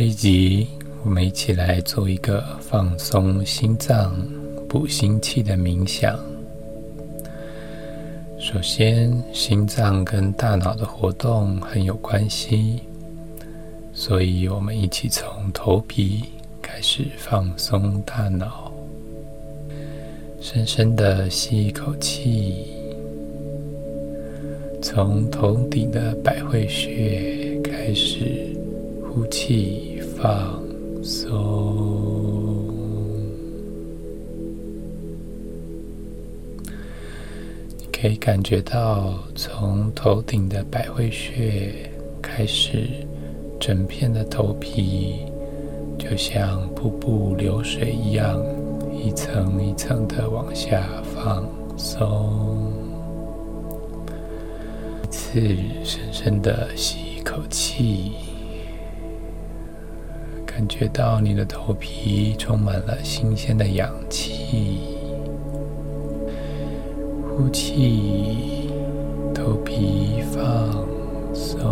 這一集，我們一起來做一個放鬆心臟、補心氣的冥想。首先，心臟跟大腦的活動很有關係，所以我們一起從頭皮開始放鬆大腦，深深的吸一口氣，從頭頂的百會穴開始呼氣。放鬆，你可以感覺到從頭頂的百會穴開始，整片的頭皮就像瀑布流水一樣，一層一層的往下放鬆。一次，深深的吸一口氣。感覺到你的頭皮充滿了新鮮的氧氣，呼氣，頭皮放鬆。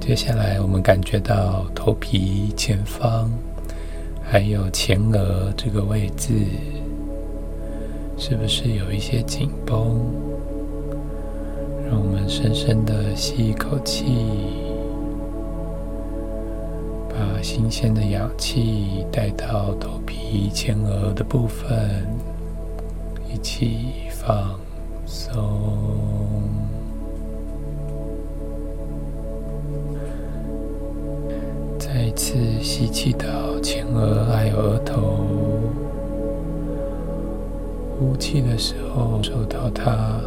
接下來，我們感覺到頭皮前方還有前額這個位置，是不是有一些緊繃？我們深深的吸一口氣，把新鮮的氧氣帶到頭皮、前額的部分，一起放鬆。再次吸氣到前額，還有額頭，呼氣的時候收到它。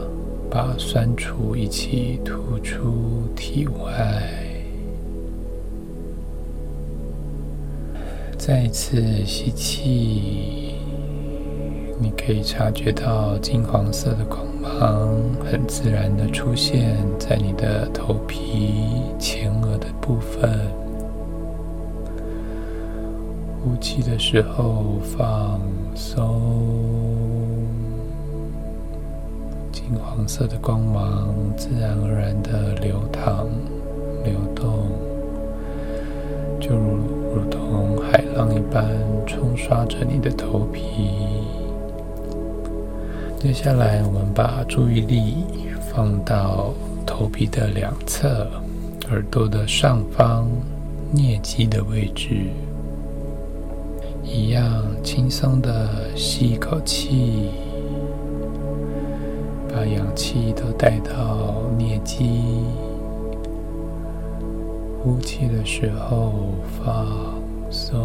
把酸楚一起吐出體外。再一次吸氣，你可以察覺到金黃色的光芒，很自然的出現在你的頭皮、前額的部分。呼氣的時候放鬆。黃色的光芒自然而然的流淌、流動，就如如同海浪一般沖刷着你的頭皮。接下來，我們把注意力放到頭皮的兩側、耳朵的上方、顳肌的位置，一樣輕鬆的吸一口氣。氧氣都帶到顳肌，呼氣的時候放鬆，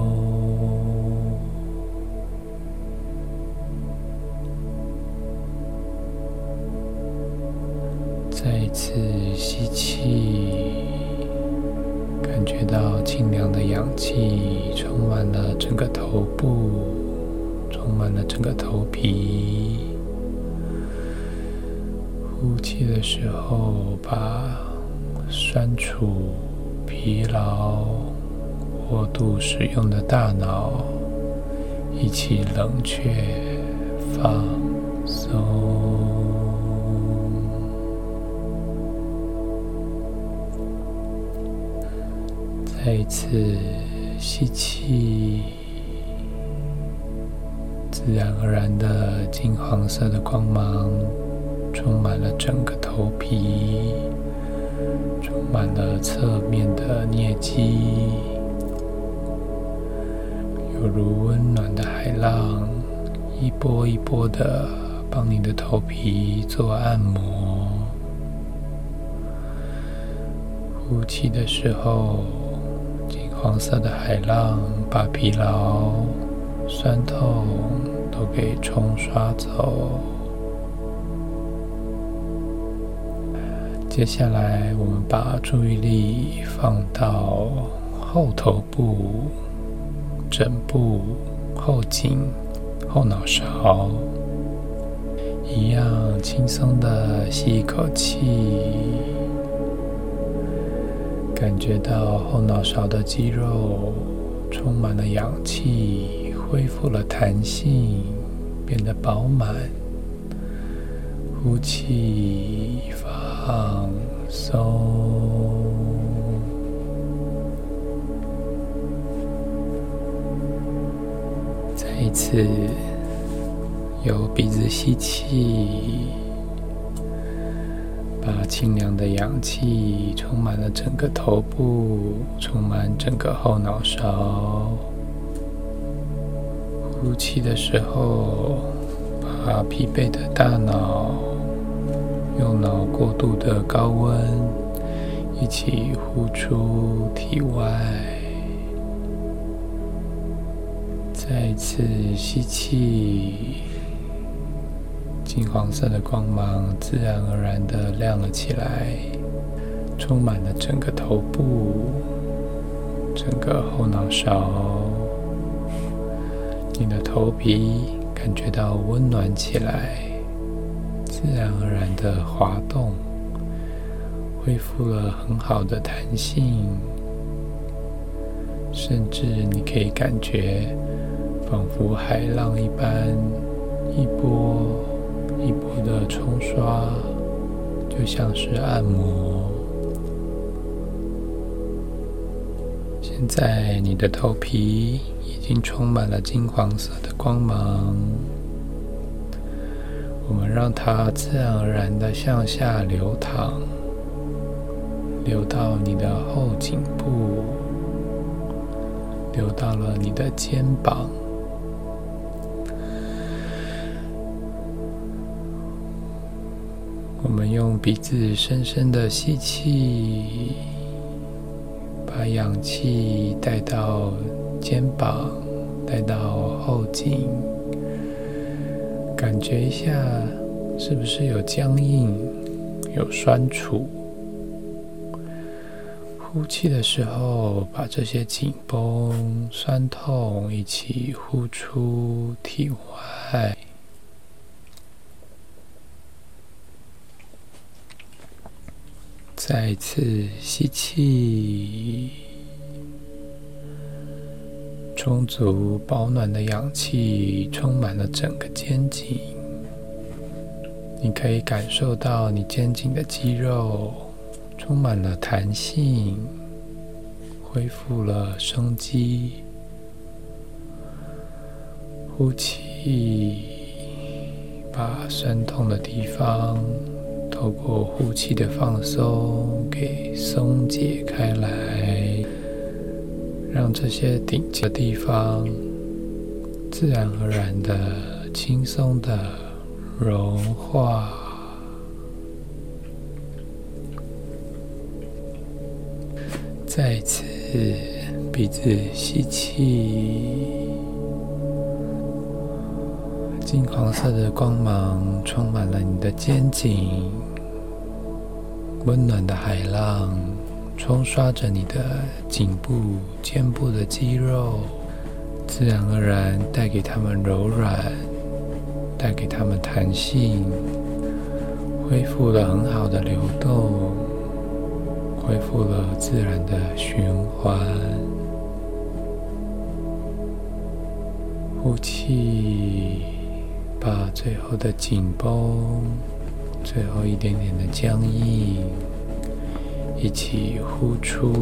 再一次吸氣，感覺到清涼的氧氣充滿了整個頭部，充滿了整個頭皮。呼氣的時候，把酸楚、疲勞、過度使用的大腦一起冷卻、放鬆。再一次吸氣，自然而然的金黃色的光芒。充滿了整個頭皮，充滿了側面的顳肌，猶如溫暖的海浪，一波一波的幫你的頭皮做按摩。呼氣的時候，金黃色的海浪把疲勞、痠痛都給沖刷走。接下來，我們把注意力放到後頭部、枕部、後頸、後腦勺，一樣輕鬆的吸一口氣，感覺到後腦勺的肌肉充滿了氧氣，恢復了彈性，變得飽滿。呼氣，放。放鬆。再一次，由鼻子吸氣，把清涼的氧氣充滿了整個頭部，充滿整個後腦勺。呼氣的時候，把疲憊的大腦。用腦過度的高溫，一起呼出體外。再次吸氣，金黃色的光芒自然而然的亮了起來，充滿了整個頭部，整個後腦勺。你的頭皮感覺到溫暖起來。自然而然的滑動，恢復了很好的彈性，甚至你可以感覺仿佛海浪一般，一波一波的沖刷，就像是按摩。現在你的頭皮已經充滿了金黃色的光芒。我們讓它自然而然的向下流淌，流到你的後頸部，流到了你的肩膀。我們用鼻子深深的吸氣，把氧氣帶到肩膀，帶到後頸。感覺一下，是不是有僵硬，有痠楚？呼氣的時候，把這些緊繃、痠痛一起呼出體外。再一次吸氣。充足、保暖的氧氣充滿了整個肩頸，你可以感受到你肩頸的肌肉充滿了彈性，恢復了生機。呼氣，把酸痛的地方透過呼氣的放鬆給鬆解開來。讓這些頂級的地方自然而然的、輕鬆的融化。再一次，鼻子吸氣，金黃色的光芒充滿了你的肩頸，溫暖的海浪，沖刷着你的頸部、肩部的肌肉，自然而然帶給他們柔軟，帶給他們彈性，恢復了很好的流動，恢復了自然的循環。呼氣，把最後的緊繃，最後一點點的僵硬，一起呼出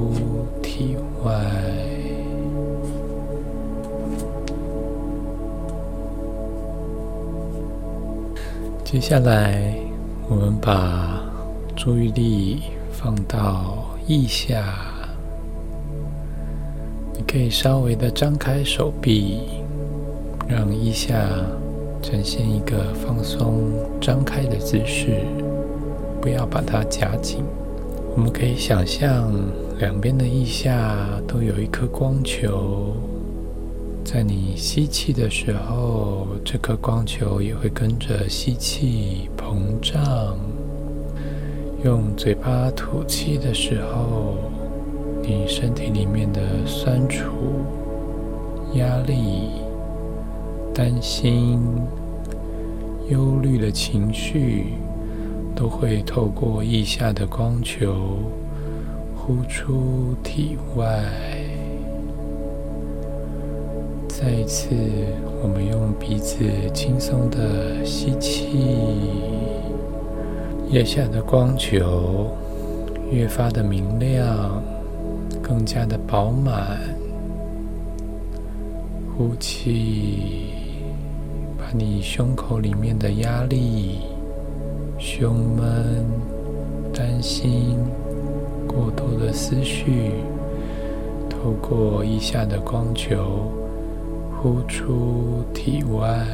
體外。接下來，我們把注意力放到腋下。你可以稍微的張開手臂，讓腋下呈現一個放鬆、張開的姿勢，不要把它夾緊。我們可以想象，兩邊的腋下都有一顆光球。在你吸氣的時候，這顆光球也會跟着吸氣膨脹。用嘴巴吐氣的時候，你身體裡面的酸楚、壓力、擔心、憂慮的情緒。都會透過腋下的光球呼出體外。再一次，我們用鼻子輕鬆的吸氣，腋下的光球越發的明亮，更加的飽滿。呼氣，把你胸口裡面的壓力。胸悶、擔心、過多的思緒，透過腋下的光球呼出體外。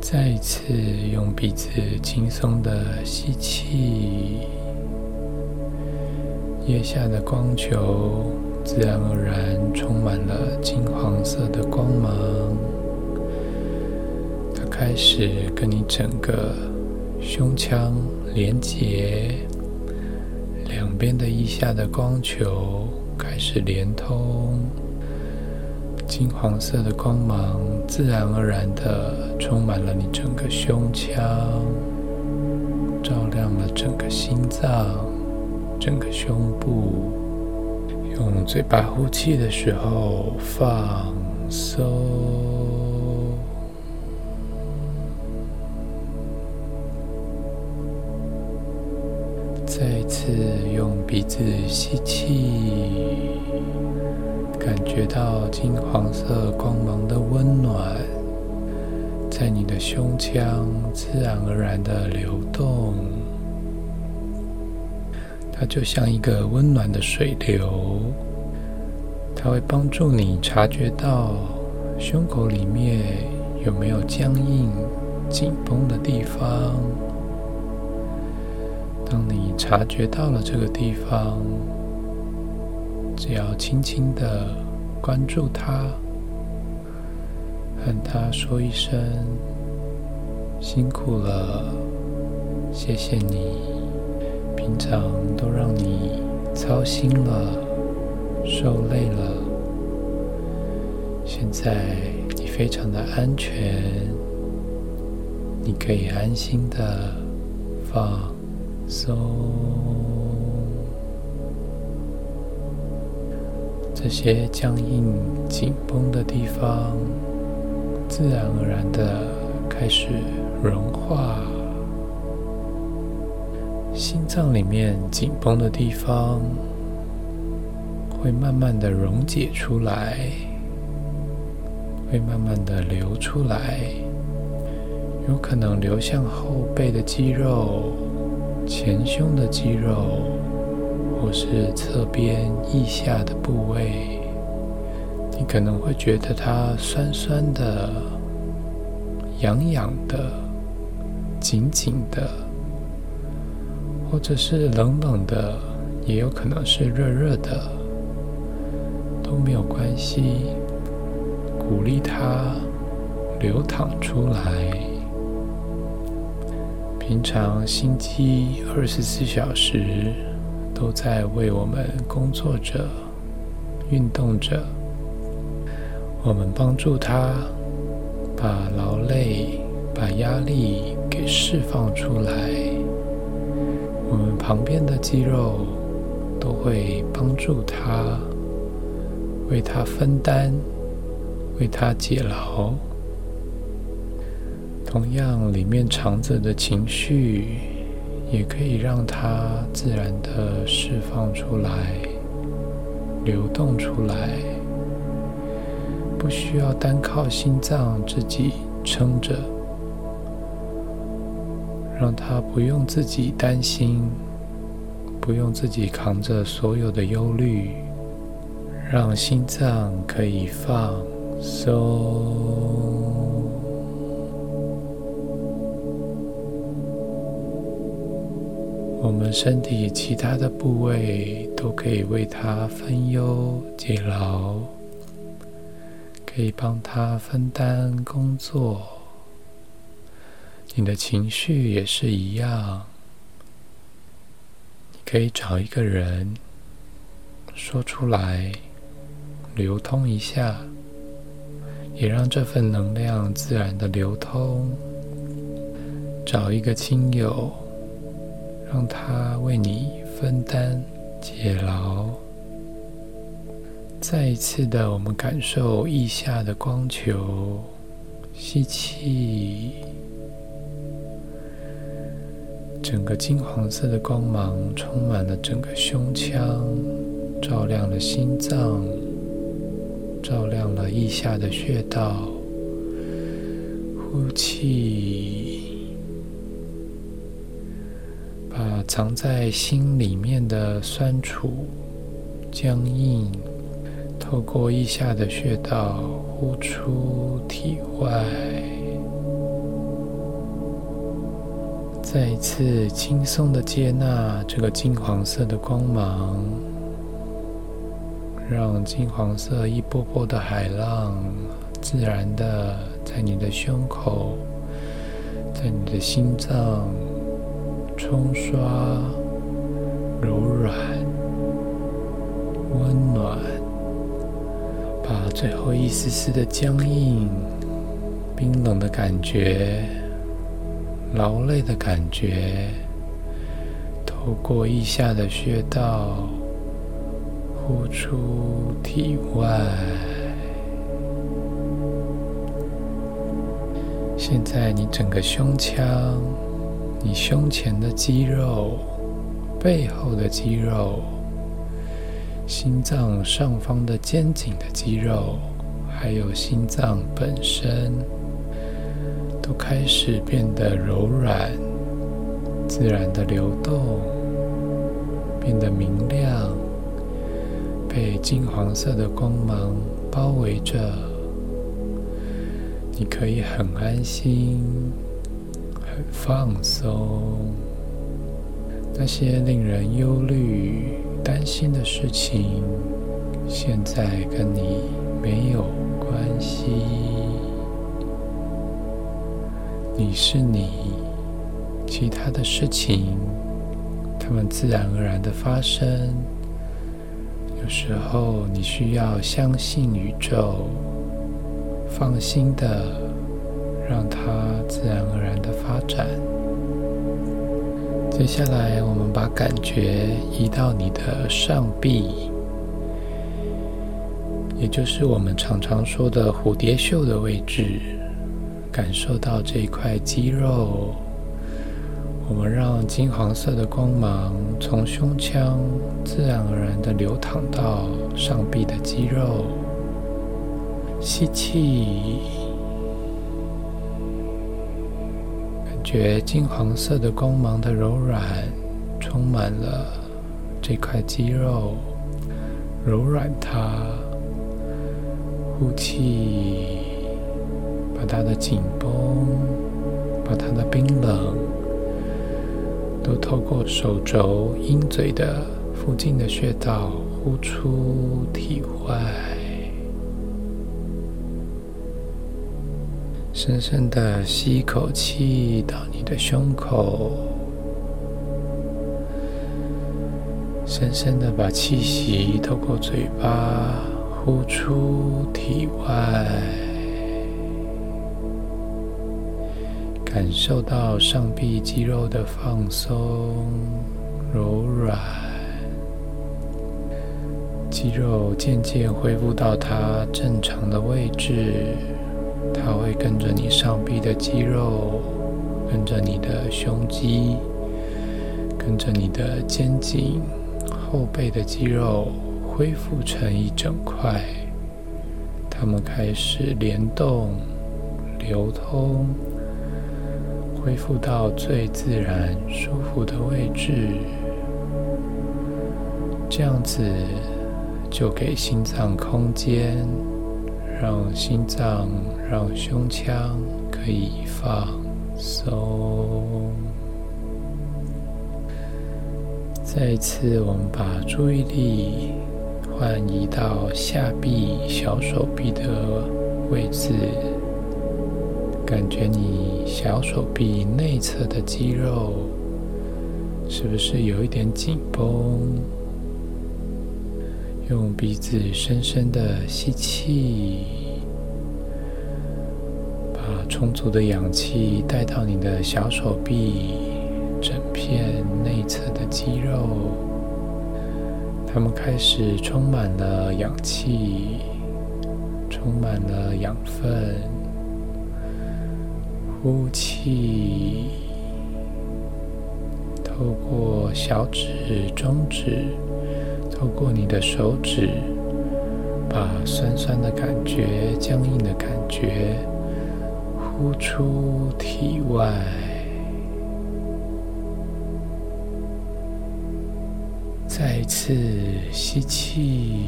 再一次用鼻子輕鬆的吸氣，腋下的光球自然而然充滿了金黃色的光芒。開始跟你整個胸腔連接，兩邊的腋下的光球開始連通，金黃色的光芒自然而然的充滿了你整個胸腔，照亮了整個心臟、整個胸部。用嘴巴呼氣的時候放鬆。用鼻子吸氣，感覺到金黃色光芒的溫暖，在你的胸腔自然而然地流動，它就像一個溫暖的水流，它會幫助你察覺到胸口裡面有沒有僵硬、緊繃的地方。當你察覺到了這個地方，只要輕輕的關注他，和他說一聲“辛苦了，謝謝你”，平常都讓你操心了、受累了，現在你非常的安全，你可以安心的放。so 這些僵硬、緊繃的地方，自然而然的開始融化。心臟裡面緊繃的地方，會慢慢的溶解出來，會慢慢的流出來，有可能流向後背的肌肉。前胸的肌肉，或是側邊腋下的部位，你可能會覺得它酸酸的、癢癢的、緊緊的，或者是冷冷的，也有可能是熱熱的，都沒有關係。鼓勵它流淌出來。平常心肌，二十四小時都在為我們工作着、運動着。我們幫助他把勞累、把壓力給釋放出來。我們旁邊的肌肉都會幫助他，為他分擔，為他解勞。同樣，裡面藏着的情緒，也可以讓它自然的釋放出來，流動出來，不需要單靠心臟自己撐着，讓它不用自己擔心，不用自己扛着所有的憂慮，讓心臟可以放鬆。我們身體其他的部位都可以為他分憂解勞，可以幫他分擔工作。你的情緒也是一樣，你可以找一個人說出來，流通一下，也讓這份能量自然的流通。找一個親友。讓它為你分擔解勞。再一次的，我們感受腋下的光球，吸氣，整個金黃色的光芒充滿了整個胸腔，照亮了心臟，照亮了腋下的穴道。呼氣。藏在心裡面的酸楚、僵硬，透過腋下的穴道呼出體外。再一次輕鬆的接納這個金黃色的光芒，讓金黃色一波波的海浪自然的在你的胸口，在你的心臟，沖刷，柔軟，溫暖，把最後一絲絲的僵硬、冰冷的感覺、勞累的感覺，透過腋下的穴道，呼出體外。現在，你整個胸腔。你胸前的肌肉、背後的肌肉、心臟上方的肩頸的肌肉，還有心臟本身，都開始變得柔軟、自然的流動，變得明亮，被金黃色的光芒包圍着。你可以很安心。放鬆，那些令人憂慮、擔心的事情，現在跟你沒有關係。你是你，其他的事情，它們自然而然的發生。有時候你需要相信宇宙，放心的。讓它自然而然的發展。接下來，我們把感覺移到你的上臂，也就是我們常常說的蝴蝶袖的位置，感受到這一塊肌肉。我們讓金黃色的光芒從胸腔自然而然的流淌到上臂的肌肉，吸氣。覺金黃色的光芒的柔軟，充滿了這塊肌肉，柔軟它。呼氣，把它的緊繃，把它的冰冷，都透過手肘鷹嘴的附近的穴道呼出體外。深深的吸一口氣到你的胸口，深深的把氣息透過嘴巴呼出體外，感受到上臂肌肉的放鬆、柔軟，肌肉漸漸恢復到它正常的位置。它會跟着你上臂的肌肉，跟着你的胸肌，跟着你的肩頸、後背的肌肉恢復成一整塊，它們開始聯動、流通，恢復到最自然、舒服的位置。這樣子就給心臟空間，讓心臟。讓胸腔可以放鬆。再一次，我們把注意力換移到下臂、小手臂的位置，感覺你小手臂內側的肌肉是不是有一點緊繃？用鼻子深深的吸氣。充足的氧氣帶到你的小手臂，整片內側的肌肉，它們開始充滿了氧氣，充滿了養分。呼氣，透過小指、中指，透過你的手指，把酸酸的感覺、僵硬的感覺。呼出體外，再一次吸氣，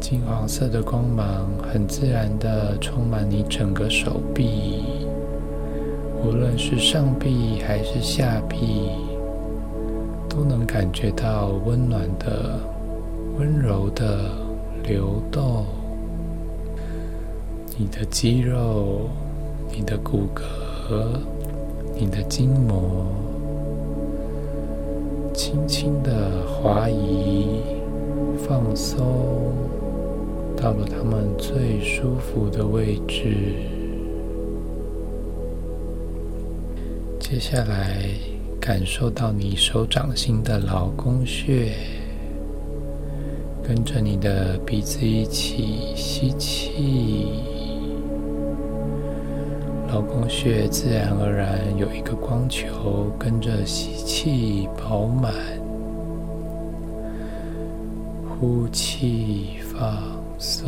金黃色的光芒很自然的充滿你整個手臂，無論是上臂還是下臂，都能感覺到溫暖的、溫柔的流動。你的肌肉、你的骨骼、你的筋膜，輕輕的滑移、放鬆，到了他們最舒服的位置。接下來，感受到你手掌心的勞宮穴，跟着你的鼻子一起吸氣。勞宮穴自然而然有一個光球，跟着吸氣飽滿，呼氣放鬆。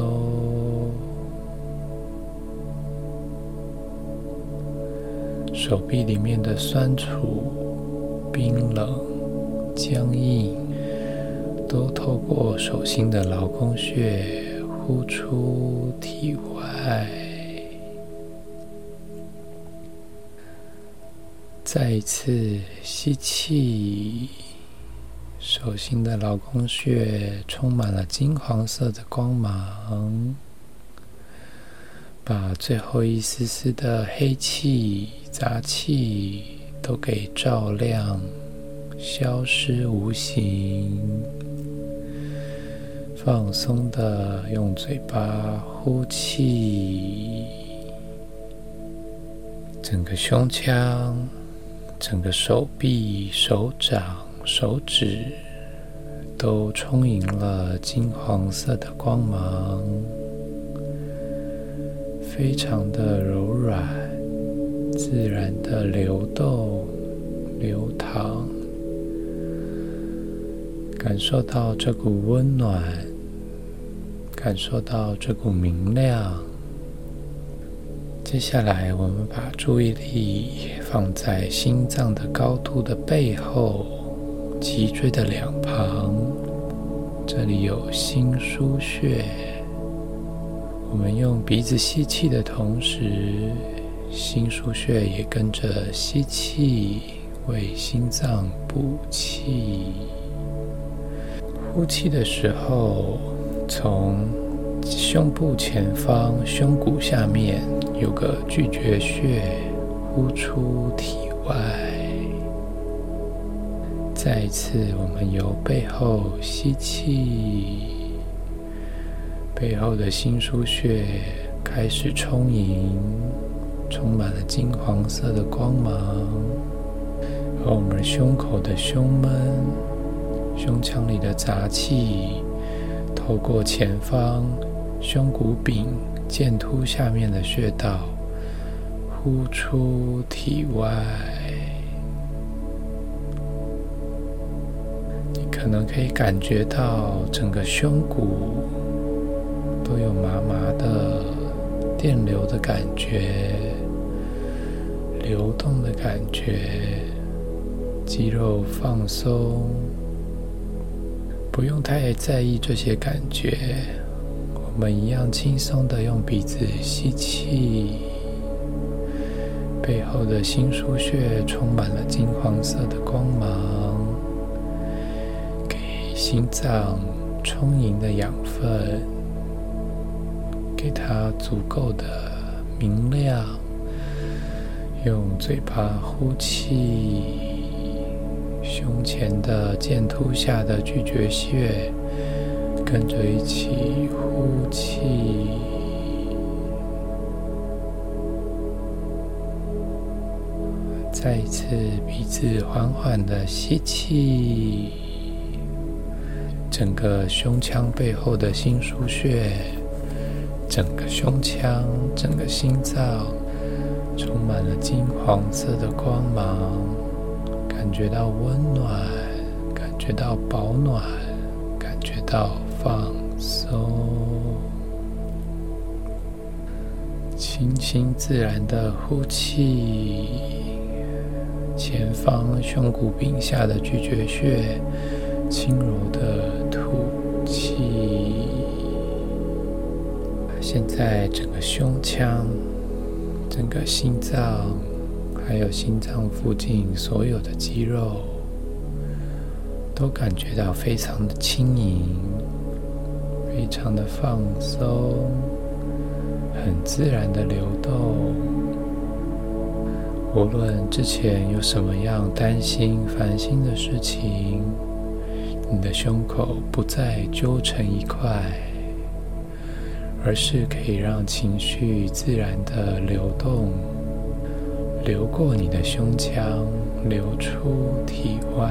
手臂裡面的痠楚、冰冷、僵硬，都透過手心的勞宮穴呼出體外。再一次吸氣，手心的勞宮穴充滿了金黃色的光芒，把最後一絲絲的黑氣、雜氣都給照亮，消失無形。放鬆的用嘴巴呼氣，整個胸腔。整個手臂、手掌、手指都充盈了金黃色的光芒，非常的柔軟，自然的流動、流淌，感受到這股溫暖，感受到這股明亮。接下來，我們把注意力放在心臟的高度的背後，脊椎的兩旁。這裡有心腧穴，我們用鼻子吸氣的同時，心腧穴也跟着吸氣，為心臟補氣。呼氣的時候，從。胸部前方，胸骨下面有個巨闕穴，呼出體外。再一次，我們由背後吸氣，背後的心俞穴開始充盈，充滿了金黃色的光芒，而我們胸口的胸悶、胸腔裡的雜氣，透過前方。胸骨柄、劍突下面的穴道，呼出體外。你可能可以感覺到整個胸骨都有麻麻的電流的感覺，流動的感覺，肌肉放鬆。不用太在意這些感覺。我們一樣輕鬆的用鼻子吸氣，背後的心俞穴充滿了金黃色的光芒，給心臟充盈的養分，給它足夠的明亮。用嘴巴呼氣，胸前的劍突下的巨闕穴。跟着一起呼氣，再一次鼻子緩緩的吸氣，整個胸腔背後的心俞穴，整個胸腔，整個心臟充滿了金黃色的光芒，感覺到溫暖，感覺到保暖，感覺到。放鬆，輕輕自然的呼氣，前方胸骨柄下的巨闕穴，輕柔的吐氣。現在整個胸腔、整個心臟，還有心臟附近所有的肌肉，都感覺到非常的輕盈。非常的放鬆，很自然的流動。無論之前有什麼樣擔心、煩心的事情，你的胸口不再揪成一塊，而是可以讓情緒自然的流動，流過你的胸腔，流出體外。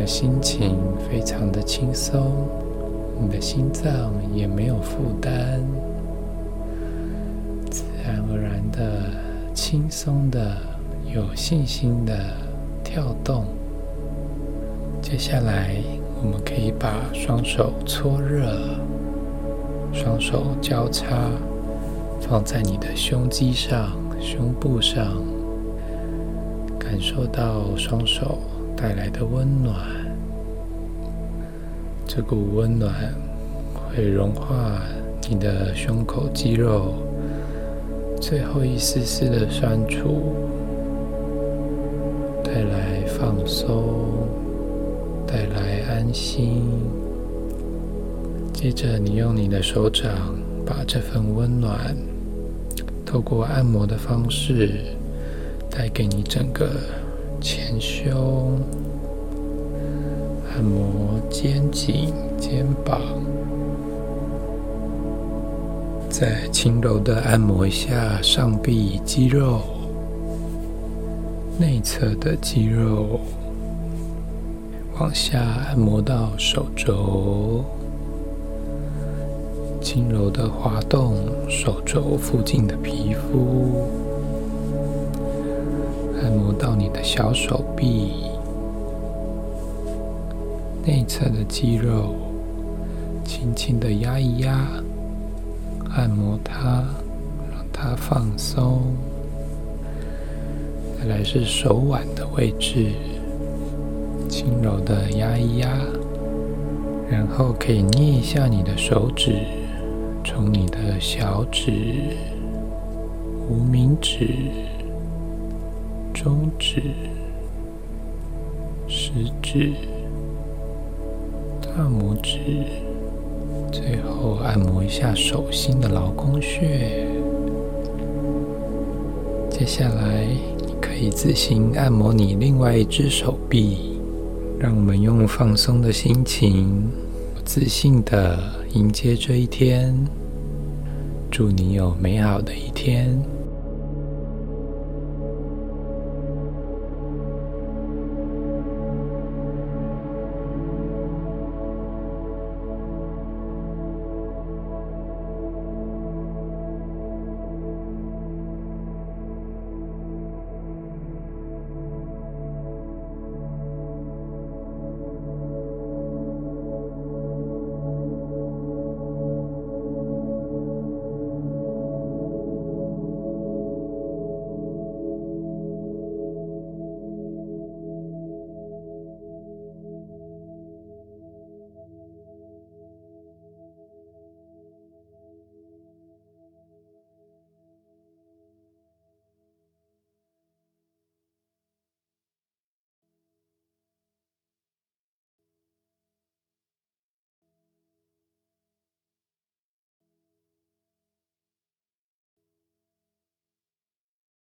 你的心情非常的輕鬆，你的心臟也沒有負擔，自然而然的、輕鬆的、有信心的跳動。接下來，我們可以把雙手搓熱，雙手交叉放在你的胸肌上、胸部上，感受到雙手。帶來的溫暖，這股溫暖會融化你的胸口肌肉最後一絲絲的酸楚，帶來放鬆，帶來安心。接着，你用你的手掌把這份溫暖透過按摩的方式帶給你整個。前胸按摩肩頸、肩膀，再輕柔的按摩一下上臂肌肉、內側的肌肉，往下按摩到手肘，輕柔的滑動手肘附近的皮膚。摸到你的小手臂內側的肌肉，輕輕的壓一壓，按摩它，讓它放鬆。再來是手腕的位置，輕柔的壓一壓，然後可以捏一下你的手指，從你的小指、無名指。中指、食指、大拇指，最後按摩一下手心的勞宮穴。接下來，你可以自行按摩你另外一隻手臂。讓我們用放鬆的心情，自信的迎接這一天。祝你有美好的一天！